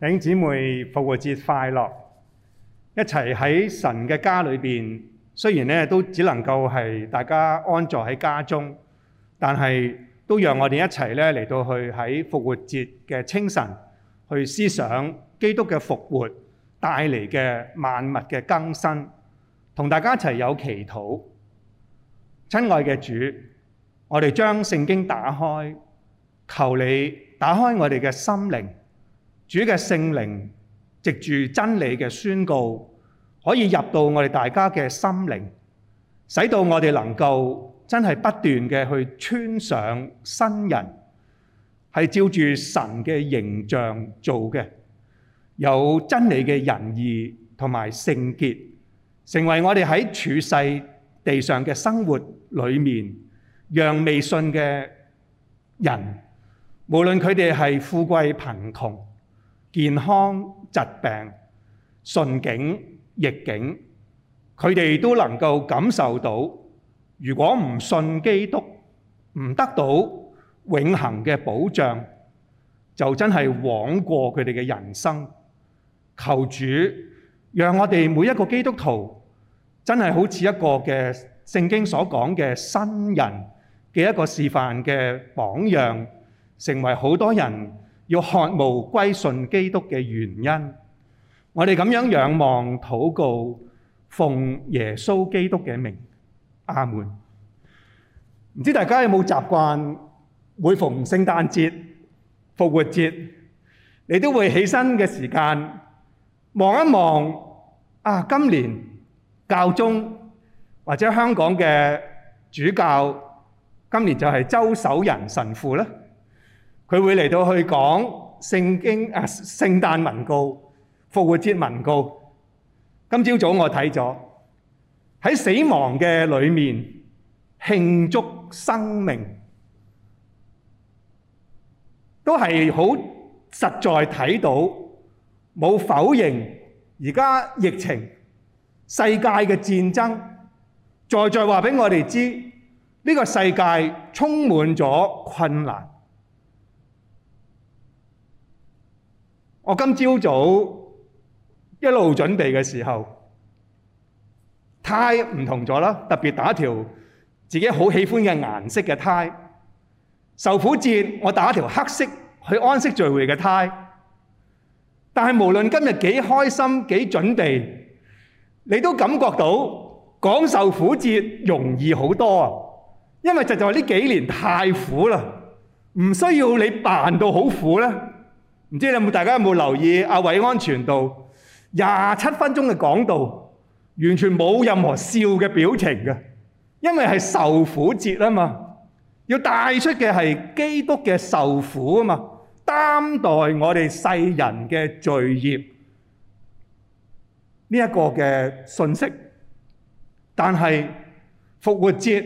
弟兄姊妹，復活節快樂！一起喺神嘅家裏邊，雖然呢都只能夠是大家安坐喺家中，但是都讓我哋一起來嚟到去喺復活節嘅清晨，去思想基督嘅復活帶嚟嘅萬物嘅更新，同大家一起有祈禱。親愛嘅主，我哋將聖經打開，求你打開我哋嘅心靈。主嘅聖靈藉住真理嘅宣告，可以入到我哋大家嘅心靈，使到我哋能夠真係不斷嘅去穿上新人，係照住神嘅形象做嘅，有真理嘅仁義同埋聖潔，成為我哋喺處世地上嘅生活裏面，讓未信嘅人，無論佢哋係富貴貧窮。健康、疾病、順境、逆境，佢哋都能夠感受到。如果唔信基督，唔得到永恆嘅保障，就真係枉過佢哋嘅人生。求主，讓我哋每一個基督徒真係好似一個嘅聖經所講嘅新人嘅一個示範嘅榜樣，成為好多人要渴慕歸信基督嘅原因，我哋咁樣仰望、禱告、奉耶穌基督嘅名，阿門。唔知大家有冇習慣，每逢聖誕節、復活節，你都會起身嘅時間望一望啊？今年教宗或者香港嘅主教，今年就係周守仁神父啦。佢會嚟到去講聖經啊，聖誕文告、復活節文告。今朝早我睇咗，喺死亡嘅裏面慶祝生命，都係好實在睇到，冇否認而家疫情、世界嘅戰爭，在在話俾我哋知，呢個世界充滿咗困難。我今朝早一路準備嘅時候，tie 唔同咗啦，特別打條自己好喜歡嘅顏色嘅 tie。受苦節我打條黑色去安息聚會嘅 tie。但係無論今日幾開心幾準備，你都感覺到講受苦節容易好多，因為實在呢幾年太苦啦，唔需要你扮到好苦咧。唔知你有冇，大家有冇留意阿偉安全道廿七分鐘嘅講道，完全冇任何笑嘅表情嘅，因為係受苦節啊嘛，要帶出嘅係基督嘅受苦啊嘛，擔待我哋世人嘅罪孽呢一個嘅信息。但係復活節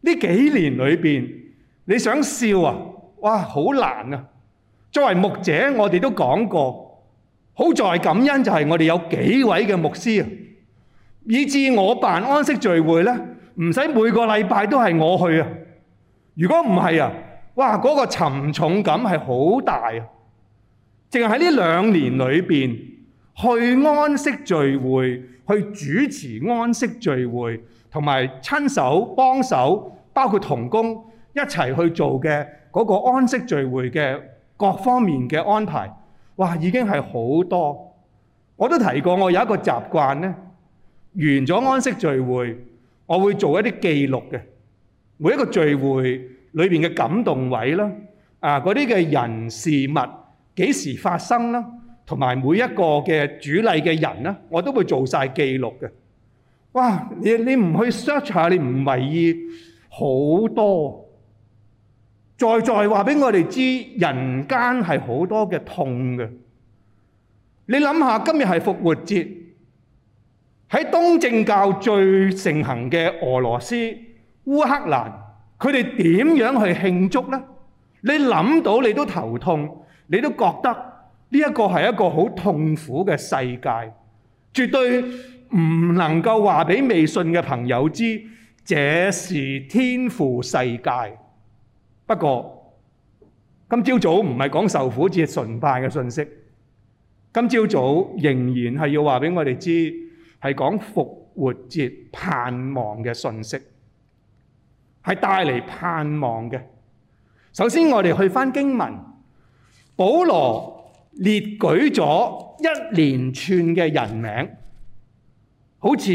呢幾年裏面，你想笑啊？哇，好難啊！作為牧者，我哋都講過，好在感恩就係我哋有幾位嘅牧師啊，以致我辦安息聚會咧，唔使每個禮拜都係我去啊。如果唔係啊，哇，嗰個沉重感係好大啊！淨係喺呢兩年裏邊，去安息聚會，去主持安息聚會，同埋親手幫手，包括同工一齊去做嘅嗰個安息聚會嘅。各方面嘅安排，哇，已經係好多。我都提過，我有一個習慣咧，完咗安息聚會，我會做一啲記錄嘅。每一個聚會裏邊嘅感動位啦，啊，嗰啲嘅人事物幾時發生啦，同埋每一個嘅主禮嘅人啦，我都會做曬記錄嘅。哇，你你唔去 search 下，你唔為意好多。再再話俾我哋知，人間係好多嘅痛嘅。你諗下，今日係復活節，喺東正教最盛行嘅俄羅斯、烏克蘭，佢哋點樣去慶祝咧？你諗到你都頭痛，你都覺得呢一個係一個好痛苦嘅世界，絕對唔能夠話俾未信嘅朋友知，這是天父世界。不過，今朝早唔係講受苦節崇拜嘅信息，今朝早仍然係要話俾我哋知係講復活節盼望嘅信息，係帶嚟盼望嘅。首先，我哋去翻經文，保羅列舉咗一連串嘅人名，好似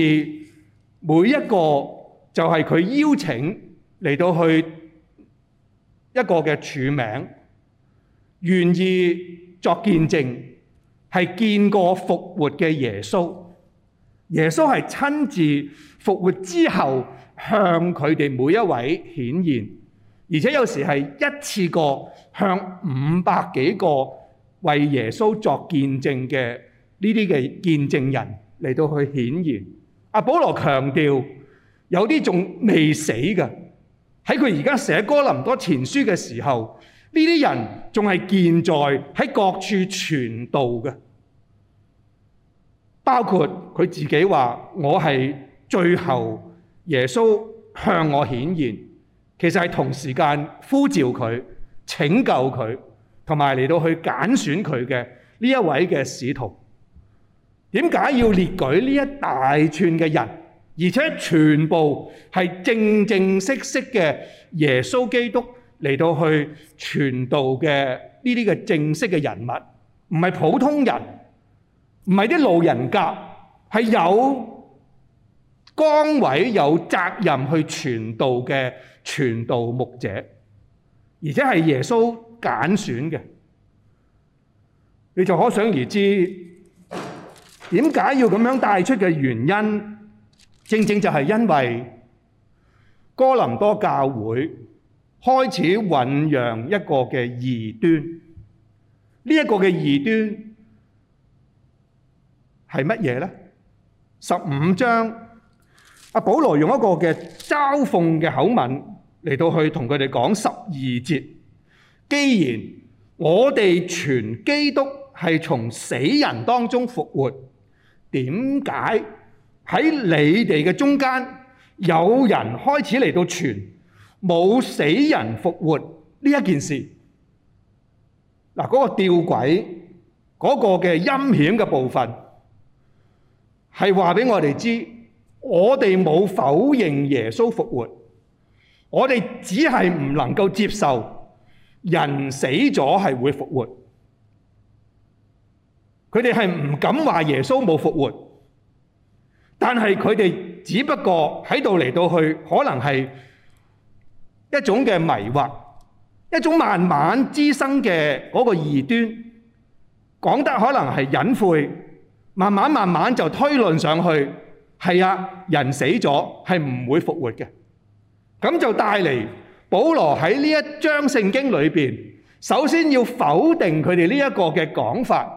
每一個就係佢邀請嚟到去。一個嘅署名，願意作見證，係見過復活嘅耶穌。耶穌係親自復活之後向佢哋每一位顯現，而且有時係一次過向五百幾個為耶穌作見證嘅呢啲嘅見證人嚟到去顯現。阿保羅強調，有啲仲未死㗎。喺佢而家寫哥林多前書嘅時候，呢啲人仲係健在，喺各處傳道嘅，包括佢自己話：我係最後耶穌向我顯現，其實係同時間呼召佢、拯救佢、同埋嚟到去揀選佢嘅呢一位嘅使徒。點解要列舉呢一大串嘅人？而且全部係正正式式嘅耶穌基督嚟到去傳道嘅呢啲嘅正式嘅人物，唔係普通人，唔係啲路人甲，係有崗位有責任去傳道嘅傳道牧者，而且係耶穌揀選嘅，你就可想而知點解要咁樣帶出嘅原因。正正就係因為哥林多教會開始醖釀一個嘅異端，呢一個嘅異端係乜嘢咧？十五章阿保羅用一個嘅嘲諷嘅口吻嚟到去同佢哋講十二節。既然我哋全基督係從死人當中復活，點解？喺你哋嘅中間，有人開始嚟到傳冇死人復活呢一件事。嗱，嗰個吊詭，嗰個嘅陰險嘅部分，係話俾我哋知，我哋冇否認耶穌復活，我哋只係唔能夠接受人死咗係會復活。佢哋係唔敢話耶穌冇復活。但係佢哋只不過喺度嚟到去，可能係一種嘅迷惑，一種慢慢滋生嘅嗰個異端，講得可能係隱晦，慢慢慢慢就推論上去，係啊，人死咗係唔會復活嘅，咁就帶嚟保羅喺呢一章聖經裏邊，首先要否定佢哋呢一個嘅講法。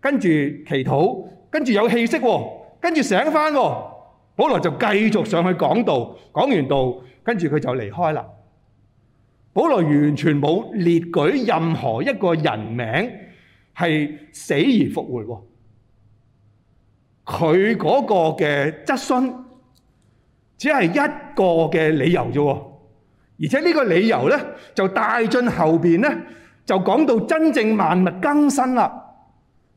跟住祈禱，跟住有氣息喎，跟住醒返喎，保羅就繼續上去講道，講完道，跟住佢就離開啦。保羅完全冇列舉任何一個人名係死而復活喎。佢嗰個嘅質詢，只係一個嘅理由啫。而且呢個理由咧，就帶進後邊咧，就講到真正萬物更新啦。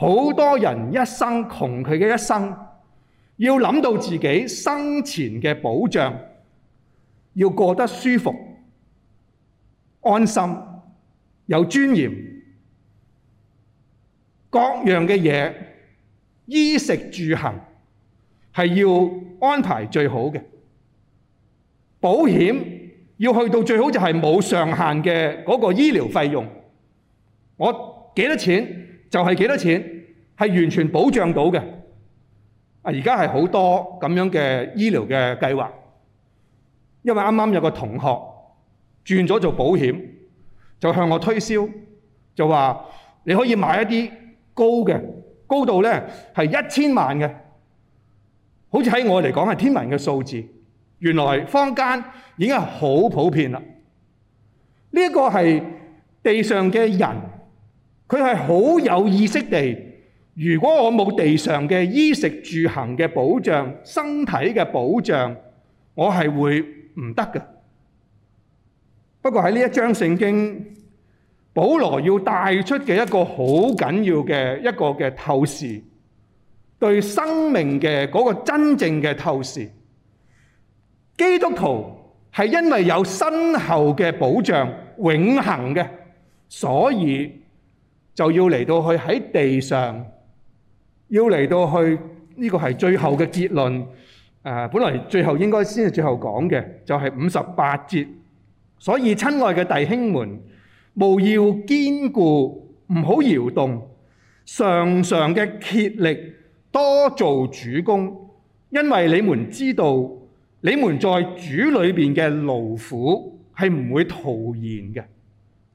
好多人一生窮佢嘅一生，要諗到自己生前嘅保障，要過得舒服、安心、有尊嚴，各樣嘅嘢，衣食住行係要安排最好嘅。保險要去到最好就係冇上限嘅嗰個醫療費用，我幾多錢？就係幾多錢，係完全保障到嘅。啊，而家係好多咁樣嘅醫療嘅計劃，因為啱啱有個同學轉咗做保險，就向我推銷，就話你可以買一啲高嘅，高度呢係一千萬嘅，好似喺我嚟講係天文嘅數字。原來坊間已經係好普遍啦。呢一個係地上嘅人。佢係好有意識地，如果我冇地上嘅衣食住行嘅保障、身體嘅保障，我係會唔得嘅。不過喺呢一章聖經，保羅要帶出嘅一個好緊要嘅一個嘅透視，對生命嘅嗰個真正嘅透視，基督徒係因為有身後嘅保障、永恆嘅，所以。就要嚟到去喺地上，要嚟到去呢個係最後嘅結論。誒，本來最後應該先係最後講嘅，就係五十八節。所以，親愛嘅弟兄們，務要堅固，唔好搖動。常常嘅竭力，多做主工，因為你們知道，你們在主裏邊嘅勞苦係唔會徒然嘅，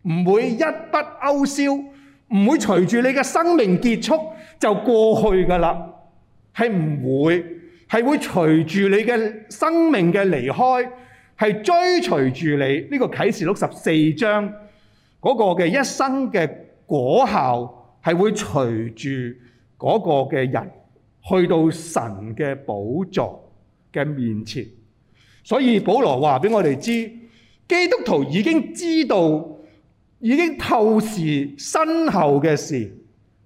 唔會一筆勾銷。唔會隨住你嘅生命結束就過去噶啦，係唔會，係會隨住你嘅生命嘅離開，係追隨住你呢、這個啟示錄十四章嗰、那個嘅一生嘅果效，係會隨住嗰個嘅人去到神嘅寶座嘅面前。所以保羅話俾我哋知，基督徒已經知道。已經透視身後嘅事，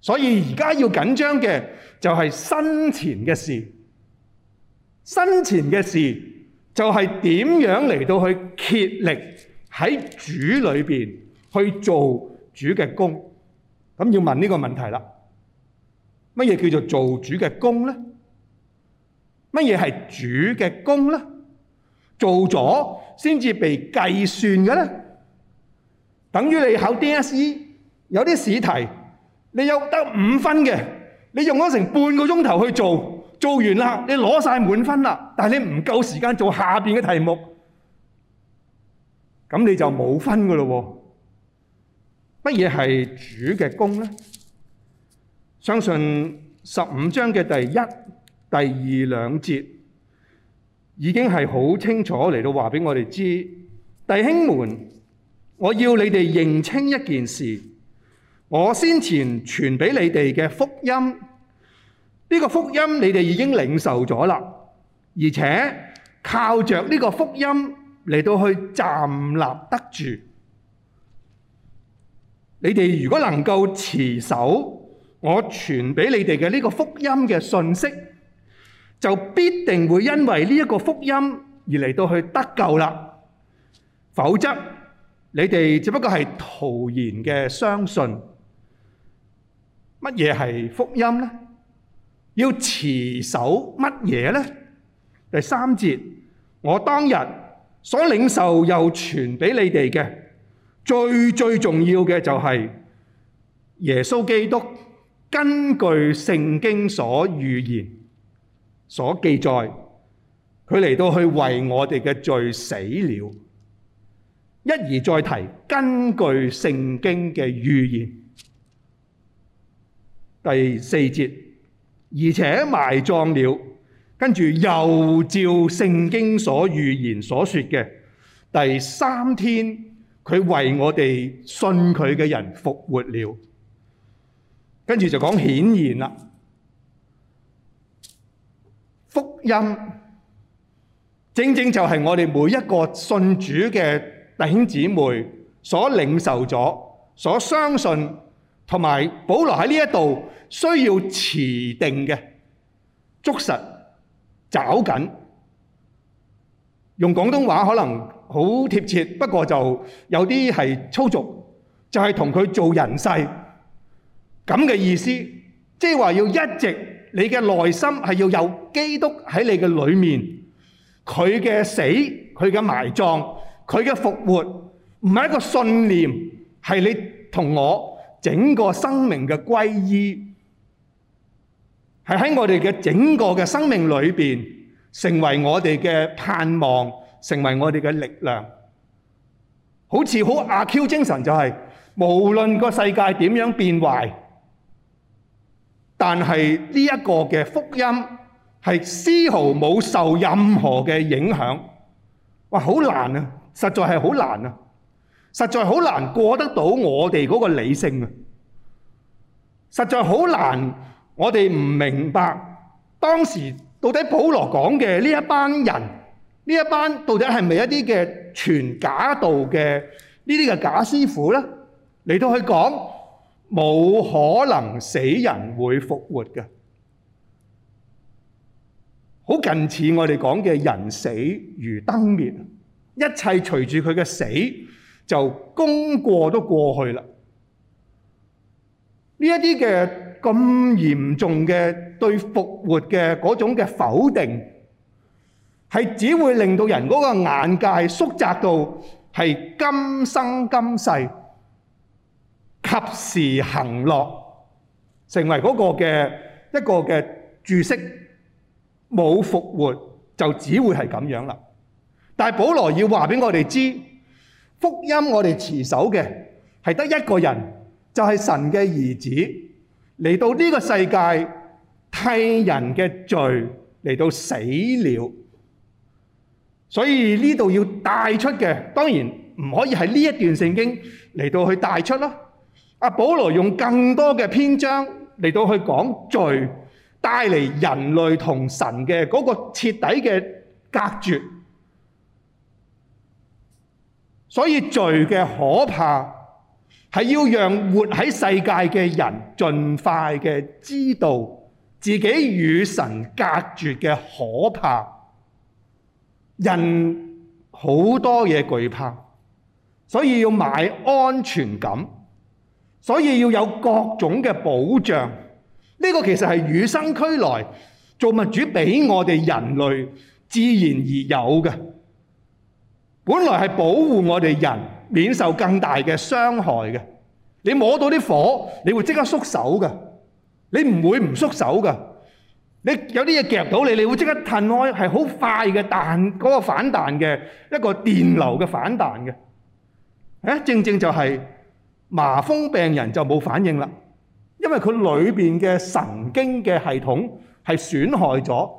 所以而家要緊張嘅就係身前嘅事。身前嘅事就係點樣嚟到去竭力喺主裏面去做主嘅工。咁要問呢個問題啦。乜嘢叫做做主嘅工呢？乜嘢係主嘅工呢？做咗先至被計算嘅呢？等於你考 DSE 有啲試題，你有得五分嘅，你用咗成半個鐘頭去做，做完啦，你攞晒滿分啦，但係你唔夠時間做下面嘅題目，咁你就冇分㗎喇喎。乜嘢係主嘅工呢？相信十五章嘅第一、第二兩節已經係好清楚嚟到話畀我哋知，弟兄們。我要你哋認清一件事，我先前傳俾你哋嘅福音，呢、這個福音你哋已經領受咗啦，而且靠着呢個福音嚟到去站立得住。你哋如果能夠持守我傳俾你哋嘅呢個福音嘅信息，就必定會因為呢一個福音而嚟到去得救啦。否則，你哋只不過係徒然嘅相信。乜嘢係福音咧？要持守乜嘢咧？第三節，我當日所領受又傳俾你哋嘅最最重要嘅就係耶穌基督，根據聖經所預言、所記載，佢嚟到去為我哋嘅罪死了。一而再提，根據聖經嘅預言，第四節，而且埋葬了，跟住又照聖經所預言所說嘅，第三天佢為我哋信佢嘅人復活了，跟住就講顯現啦，福音正正就係我哋每一個信主嘅。弟兄姊妹所領受咗、所相信同埋，保留喺呢一度需要持定嘅、捉實、抓緊。用廣東話可能好貼切，不過就有啲係粗俗，就係同佢做人世咁嘅意思，即係話要一直你嘅內心係要有基督喺你嘅裏面，佢嘅死、佢嘅埋葬。佢嘅復活唔係一個信念，係你同我整個生命嘅歸依，係喺我哋嘅整個嘅生命裏邊，成為我哋嘅盼望，成為我哋嘅力量。好似好阿 Q 精神，就係無論個世界點樣變壞，但係呢一個嘅福音係絲毫冇受任何嘅影響。哇，好難啊！實在係好難啊！實在好難過得到我哋嗰個理性啊！實在好難，我哋唔明白當時到底保羅講嘅呢一班人，呢一班到底係咪一啲嘅傳假道嘅呢啲嘅假師傅呢？嚟到去講冇可能死人會復活嘅，好近似我哋講嘅人死如燈滅。一切隨住佢嘅死，就功過都過去啦。呢一啲嘅咁嚴重嘅對復活嘅嗰種嘅否定，係只會令到人嗰個眼界縮窄到係今生今世，及時行樂，成為嗰個嘅一個嘅注釋。冇復活，就只會係咁樣啦。但係保羅要話俾我哋知，福音我哋持守嘅係得一個人，就係神嘅兒子嚟到呢個世界替人嘅罪嚟到死了。所以呢度要帶出嘅，當然唔可以喺呢一段聖經嚟到去帶出咯。阿保羅用更多嘅篇章嚟到去講罪帶嚟人類同神嘅嗰個徹底嘅隔絕。所以罪嘅可怕係要讓活喺世界嘅人盡快嘅知道自己與神隔絕嘅可怕。人好多嘢懼怕，所以要買安全感，所以要有各種嘅保障。呢個其實係與生俱來，造物主俾我哋人類自然而有嘅。本來係保護我哋人免受更大嘅傷害嘅，你摸到啲火，你會即刻縮手嘅，你唔會唔縮手嘅。你有啲嘢夾到你，你會即刻褪開，係好快嘅彈嗰個反彈嘅一個電流嘅反彈嘅。誒，正正就係麻風病人就冇反應啦，因為佢裏面嘅神經嘅系統係損害咗。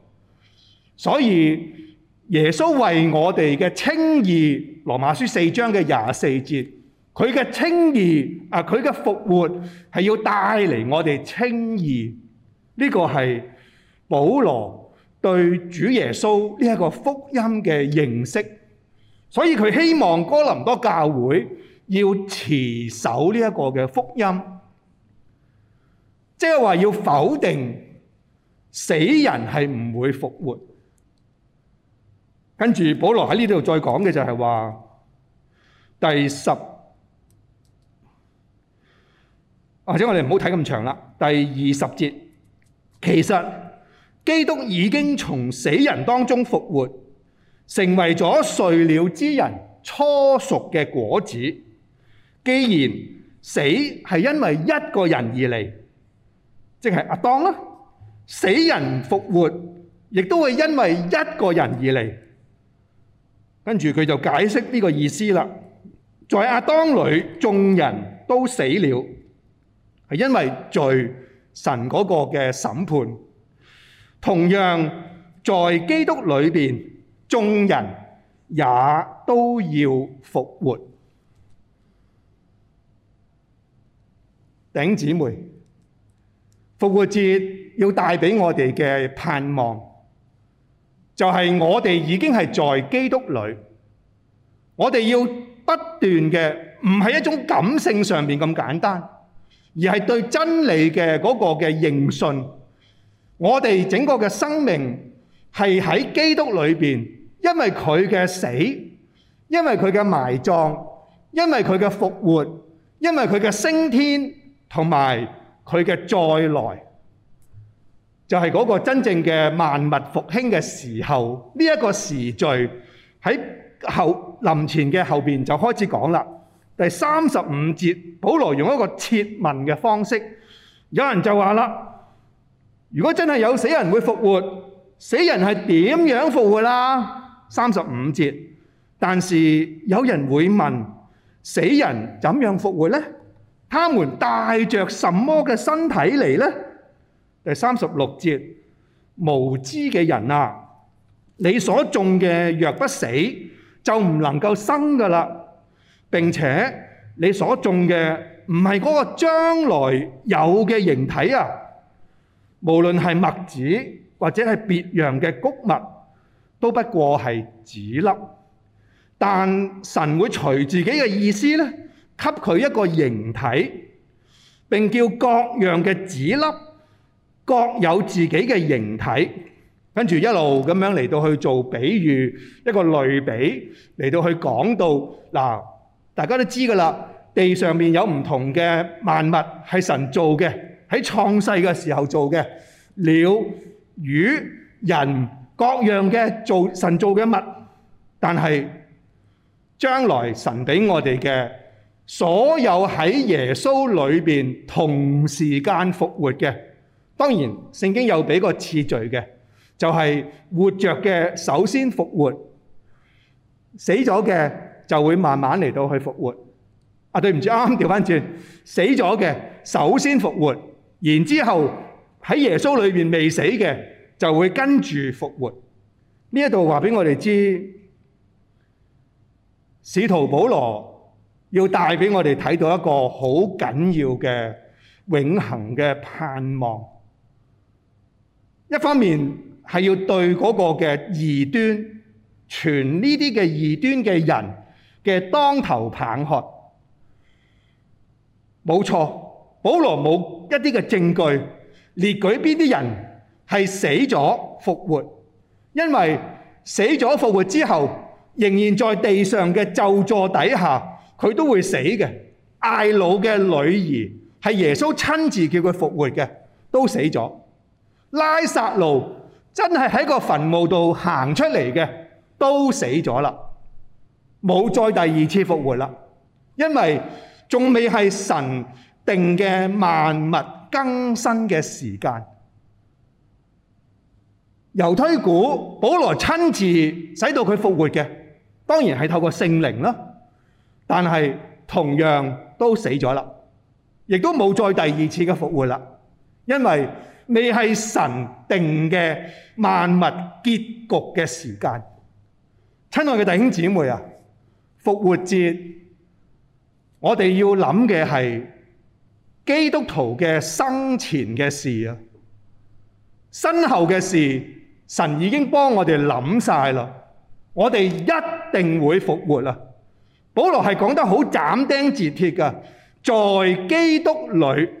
所以耶穌為我哋嘅稱義，羅馬書四章嘅廿四節，佢嘅稱義啊，佢嘅復活係要帶嚟我哋稱義。呢、這個係保羅對主耶穌呢一個福音嘅認識。所以佢希望哥林多教會要持守呢一個嘅福音，即係話要否定死人係唔會復活。跟住，保羅喺呢度再講嘅就係話第十，或者我哋唔好睇咁長啦。第二十節，其實基督已經從死人當中復活，成為咗睡了之人初熟嘅果子。既然死係因為一個人而嚟，即係阿當啦，死人復活亦都會因為一個人而嚟。跟住佢就解釋呢個意思啦。在亞當裏，眾人都死了，係因為罪，神嗰個嘅審判。同樣在基督裏邊，眾人也都要復活。頂姊妹，復活節要帶俾我哋嘅盼望。就係我哋已經係在基督裏，我哋要不斷嘅，唔係一種感性上面咁簡單，而係對真理嘅嗰個嘅認信。我哋整個嘅生命係喺基督裏邊，因為佢嘅死，因為佢嘅埋葬，因為佢嘅復活，因為佢嘅升天，同埋佢嘅再來。就係嗰個真正嘅萬物復興嘅時候，呢、這、一個時序喺臨前嘅後面就開始講了。第三十五節，保羅用一個設問嘅方式，有人就話啦：如果真係有死人會復活，死人係點樣復活啦？三十五節，但是有人會問：死人怎樣復活呢？」「他們帶著什麼嘅身體嚟呢？」第三十六節，無知嘅人啊，你所種嘅若不死，就唔能夠生㗎喇。並且你所種嘅唔係嗰個將來有嘅形體啊，無論係麥子或者係別樣嘅穀物，都不過係籽粒。但神會隨自己嘅意思呢，給佢一個形體，並叫各樣嘅籽粒。各有自己嘅形體，跟住一路咁樣嚟到去做比喻，一個類比嚟到去講到嗱，大家都知噶啦，地上面有唔同嘅萬物係神造嘅，喺創世嘅時候造嘅，鳥、魚、人各樣嘅造神造嘅物，但係將來神俾我哋嘅所有喺耶穌裏邊同時間復活嘅。當然，聖經有俾個次序嘅，就係活着嘅首先復活，死咗嘅就會慢慢嚟到去復活。啊，對唔住，啱啱調翻轉，死咗嘅首先復活，然之後喺耶穌裏邊未死嘅就會跟住復活。呢一度話俾我哋知，使徒保羅要帶俾我哋睇到一個好緊要嘅永恆嘅盼望。一方面係要對嗰個嘅異端，傳呢啲嘅異端嘅人嘅當頭棒喝。冇錯，保羅冇一啲嘅證據列舉邊啲人係死咗復活，因為死咗復活之後，仍然在地上嘅就坐底下，佢都會死嘅。睚魯嘅女兒係耶穌親自叫佢復活嘅，都死咗。拉撒路真係喺個墳墓度行出嚟嘅，都死咗啦，冇再第二次復活啦，因為仲未係神定嘅萬物更新嘅時間。猶推古，保羅親自使到佢復活嘅，當然係透過聖靈啦，但係同樣都死咗啦，亦都冇再第二次嘅復活啦，因為。未係神定嘅萬物結局嘅時間，親愛嘅弟兄姊妹啊，復活節我哋要諗嘅係基督徒嘅生前嘅事啊，身後嘅事，神已經幫我哋諗晒啦，我哋一定會復活啊！保羅係講得好斬釘截鐵噶，在基督裏。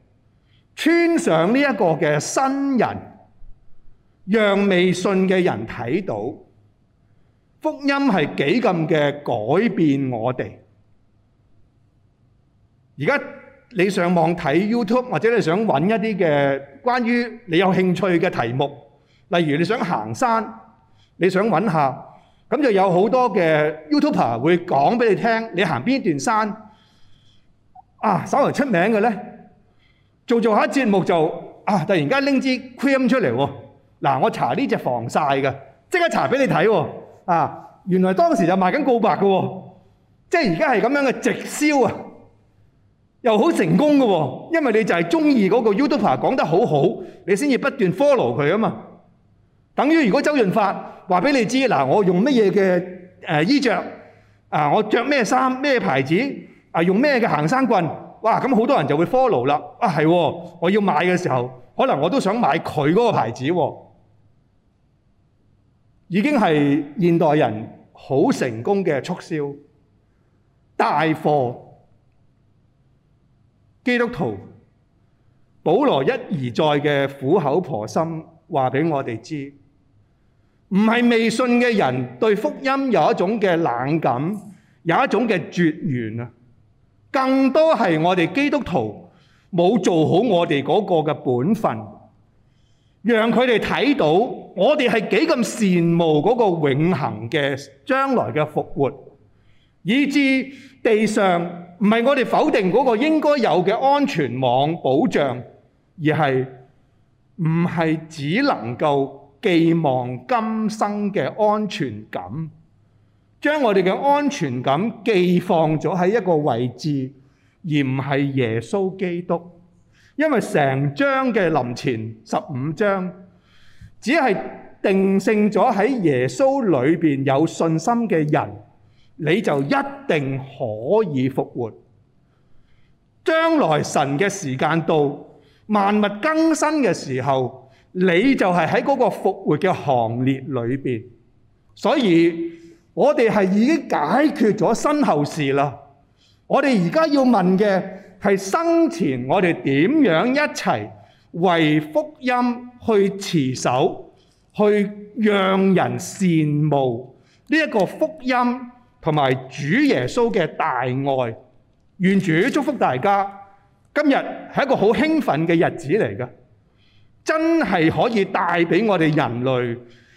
穿上呢一個嘅新人，讓未信嘅人睇到福音係幾咁嘅改變我哋。而家你上網睇 YouTube 或者你想揾一啲嘅關於你有興趣嘅題目，例如你想行山，你想揾下，咁就有好多嘅 YouTuber 會講俾你聽，你行邊一段山啊，稍微出名嘅呢。做做下節目就、啊、突然間拎支 cream 出嚟喎。嗱、啊，我查呢隻防曬嘅，即刻查俾你睇喎。啊，原來當時就賣緊告白嘅、啊，即係而家係咁樣嘅直銷啊，又好成功嘅喎、啊。因為你就係中意嗰個 YouTuber 講得好好，你先至不斷 follow 佢啊嘛。等於如果周潤發話俾你知，嗱、啊，我用乜嘢嘅誒衣着？啊，我着咩衫咩牌子啊，用咩嘅行山棍。哇！咁好多人就會 follow 啦。啊，係喎，啊，我要買嘅時候，可能我都想買佢嗰個牌子喎，啊。已經係現代人好成功嘅促銷帶貨。基督徒，保羅一而再嘅苦口婆心話俾我哋知，唔係未信嘅人對福音有一種嘅冷感，有一種嘅絕緣啊！更多係我哋基督徒冇做好我哋嗰個嘅本分，讓佢哋睇到我哋係幾咁羨慕嗰個永恆嘅將來嘅復活，以致地上唔係我哋否定嗰個應該有嘅安全網保障，而係唔係只能夠寄望今生嘅安全感。將我哋嘅安全感寄放咗喺一個位置，而唔係耶穌基督。因為成章嘅林前十五章，只係定性咗喺耶穌裏邊有信心嘅人，你就一定可以復活。將來神嘅時間到，萬物更新嘅時候，你就係喺嗰個復活嘅行列裏邊。所以我哋係已經解決咗身後事啦，我哋而家要問嘅係生前我哋點樣一齊為福音去持守，去讓人羨慕呢一個福音同埋主耶穌嘅大愛。願主祝福大家！今日係一個好興奮嘅日子嚟㗎，真係可以帶俾我哋人類。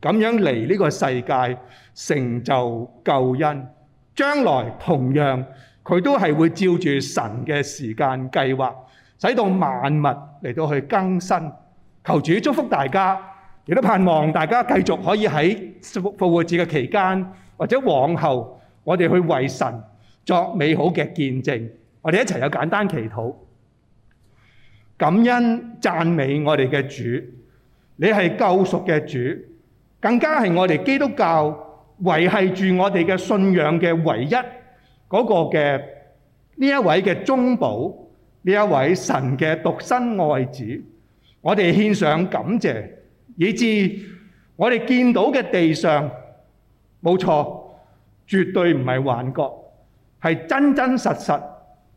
咁樣嚟呢個世界成就救恩，將來同樣佢都係會照住神嘅時間計劃，使到萬物嚟到去更新。求主祝福大家，亦都盼望大家繼續可以喺復活節嘅期間或者往後，我哋去為神作美好嘅見證。我哋一齊有簡單祈禱，感恩讚美我哋嘅主，你係救贖嘅主。更加係我哋基督教維係住我哋嘅信仰嘅唯一嗰個嘅呢一位嘅中保，呢一位神嘅獨生愛子，我哋獻上感謝，以致我哋見到嘅地上冇錯，絕對唔係幻覺，係真真實實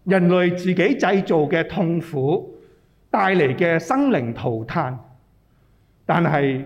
人類自己製造嘅痛苦帶嚟嘅生靈塗炭，但係，